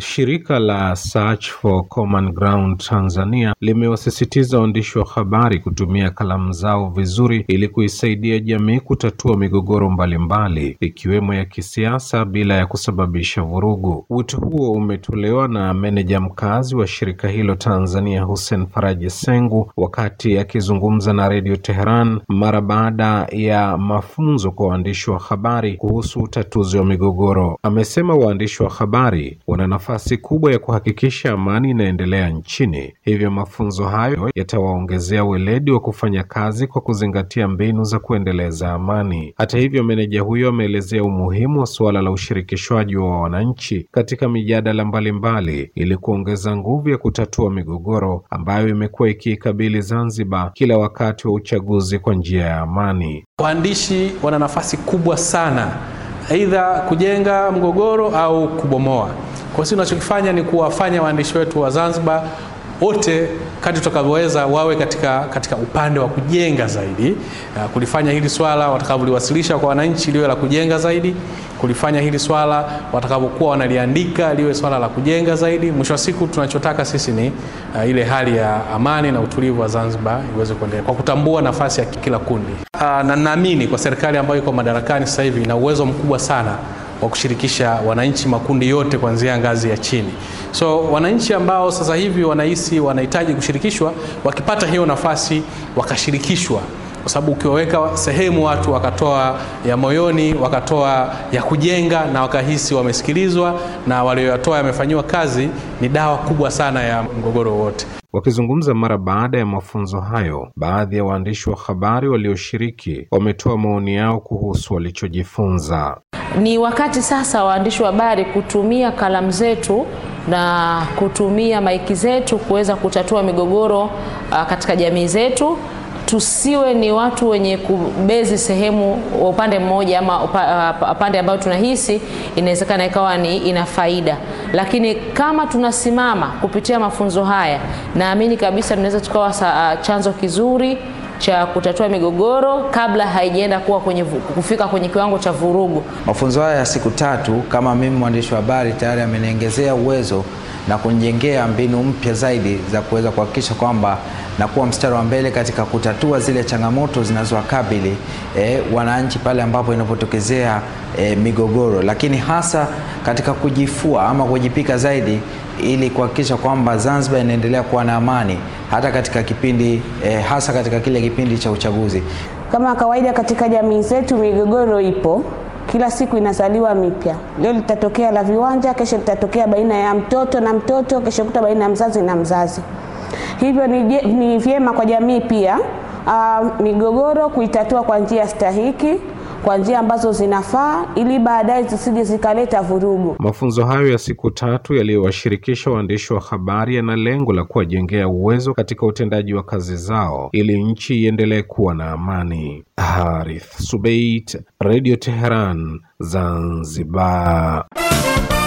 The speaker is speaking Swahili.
Shirika la Search for Common Ground Tanzania limewasisitiza waandishi wa habari kutumia kalamu zao vizuri ili kuisaidia jamii kutatua migogoro mbalimbali ikiwemo ya kisiasa bila ya kusababisha vurugu. Wito huo umetolewa na meneja mkazi wa shirika hilo Tanzania, Hussein Faraji Sengu, wakati akizungumza na Redio Teheran mara baada ya mafunzo kwa waandishi wa habari kuhusu utatuzi wa migogoro. Amesema waandishi wa habari wana nafasi kubwa ya kuhakikisha amani inaendelea nchini, hivyo mafunzo hayo yatawaongezea weledi wa kufanya kazi kwa kuzingatia mbinu za kuendeleza amani. Hata hivyo, meneja huyo ameelezea umuhimu wa suala la ushirikishwaji wa wananchi katika mijadala mbalimbali ili kuongeza nguvu ya kutatua migogoro ambayo imekuwa ikiikabili Zanzibar kila wakati wa uchaguzi kwa njia ya amani. Waandishi wana nafasi kubwa sana, aidha kujenga mgogoro au kubomoa. Kwa sisi tunachokifanya ni kuwafanya waandishi wetu wa Zanzibar wote kadri tutakavyoweza wawe katika, katika upande wa kujenga zaidi, kulifanya hili swala watakavyoliwasilisha kwa wananchi liwe la kujenga zaidi, kulifanya hili swala watakavyokuwa wanaliandika liwe swala la kujenga zaidi. Mwisho wa siku tunachotaka sisi ni uh, ile hali ya amani na utulivu wa Zanzibar iweze kuendelea kwa kutambua nafasi ya kila kundi uh, na naamini kwa serikali ambayo iko madarakani sasa hivi ina uwezo mkubwa sana wa kushirikisha wananchi, makundi yote kuanzia ngazi ya chini. So wananchi ambao sasa hivi wanahisi wanahitaji kushirikishwa, wakipata hiyo nafasi wakashirikishwa kwa sababu ukiwaweka sehemu watu wakatoa ya moyoni, wakatoa ya kujenga, na wakahisi wamesikilizwa na walioyatoa yamefanyiwa kazi, ni dawa kubwa sana ya mgogoro wote. Wakizungumza mara baada ya mafunzo hayo, baadhi ya waandishi wa habari walioshiriki wametoa maoni yao kuhusu walichojifunza. Ni wakati sasa waandishi wa habari kutumia kalamu zetu na kutumia maiki zetu kuweza kutatua migogoro ah, katika jamii zetu tusiwe ni watu wenye kubezi sehemu wa upande mmoja ama uh, upande ambao tunahisi inawezekana ikawa ni ina faida, lakini kama tunasimama kupitia mafunzo haya, naamini kabisa tunaweza tukawa uh, chanzo kizuri cha kutatua migogoro kabla haijaenda kuwa kwenye kufika kwenye kiwango cha vurugu. Mafunzo haya ya siku tatu, kama mimi mwandishi wa habari tayari ameniongezea uwezo na kunjengea mbinu mpya zaidi za kuweza kuhakikisha kwamba nakuwa mstari wa mbele katika kutatua zile changamoto zinazowakabili e, wananchi pale ambapo inapotokezea e, migogoro, lakini hasa katika kujifua ama kujipika zaidi ili kuhakikisha kwamba Zanzibar inaendelea kuwa na amani hata katika kipindi e, hasa katika kile kipindi cha uchaguzi. Kama kawaida katika jamii zetu, migogoro ipo kila siku inazaliwa mipya. Leo litatokea la viwanja, kesho litatokea baina ya mtoto na mtoto, kesho kuta baina ya mzazi na mzazi. Hivyo ni, ni vyema kwa jamii pia uh, migogoro kuitatua kwa njia stahiki kwa njia ambazo zinafaa ili baadaye zisije zikaleta vurugu. Mafunzo hayo ya siku tatu yaliyowashirikisha waandishi wa habari yana lengo la kuwajengea uwezo katika utendaji wa kazi zao ili nchi iendelee kuwa na amani. Harith Subait, Radio Teheran, Zanzibar.